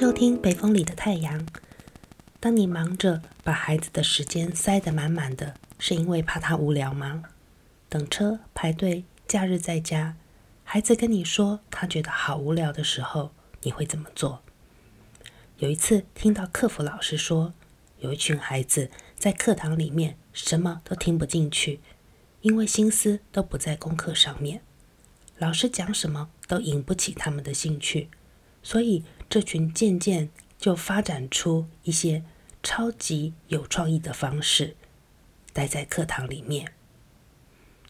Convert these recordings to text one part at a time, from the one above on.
收聽北風裡的太陽。當你忙着把孩子的時間塞得滿滿的，是因為怕他無聊嗎？等車、排隊、假日在家，孩子跟你說他覺得好無聊的時候，你會怎麼做？有一次聽到課輔老師說，有一群孩子在課堂裡面什麼都聽不進去，因為心思都不在功課上面，老師講什麼都引不起他們的興趣，所以。這群漸漸就發展出一些超級有創意的方式，待在課堂裡面。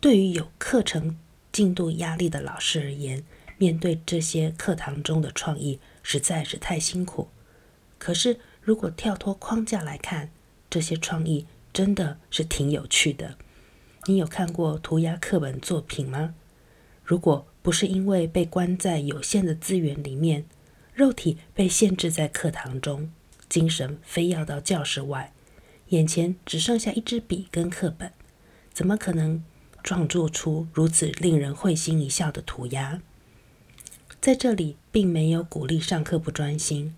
對於有課程進度壓力的老師而言，面對這些課堂中的創意實在是太辛苦。可是，如果跳脫框架來看，這些創意真的是挺有趣的。你有看過塗鴉課本作品嗎？如果不是因為被關在有限的資源裡面。肉體被限制在課堂中，精神非要到教室外，眼前只剩下一支筆跟課本，怎麼可能創作出如此令人會心一笑的塗鴉？在這裡，並沒有鼓勵上課不專心，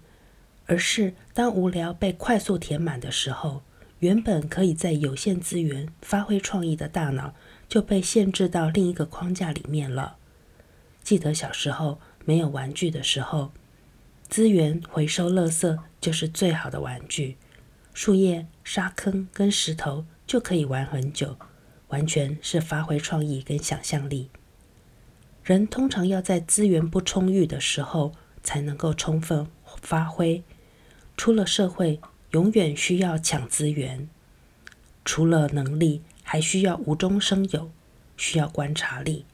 而是當無聊被快速填滿的時候，原本可以在有限資源發揮創意的大腦，就被限制到另一個框架裡面了。記得小時候沒有玩具的時候。資源回收垃圾就是最好的玩具，樹葉、沙坑跟石頭就可以玩很久，完全是發揮創意跟想象力。人通常要在資源不充裕的時候才能夠充分發揮。出了社會，永遠需要搶資源，除了能力，還需要無中生有，需要觀察力。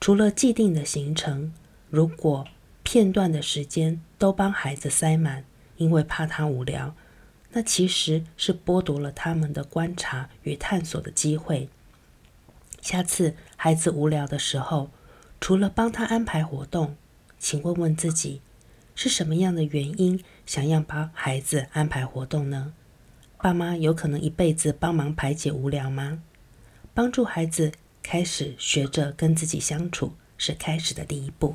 除了既定的行程，如果。片段的時間都幫孩子塞滿，因為怕他無聊，那其實是剝奪了他們的觀察與探索的機會。下次孩子無聊的時候，除了幫他安排活動，請問問自己，是什麼樣的原因想要幫孩子安排活動呢？爸媽有可能一輩子幫忙排解無聊嗎？幫助孩子開始學着跟自己相處，是開始的第一步。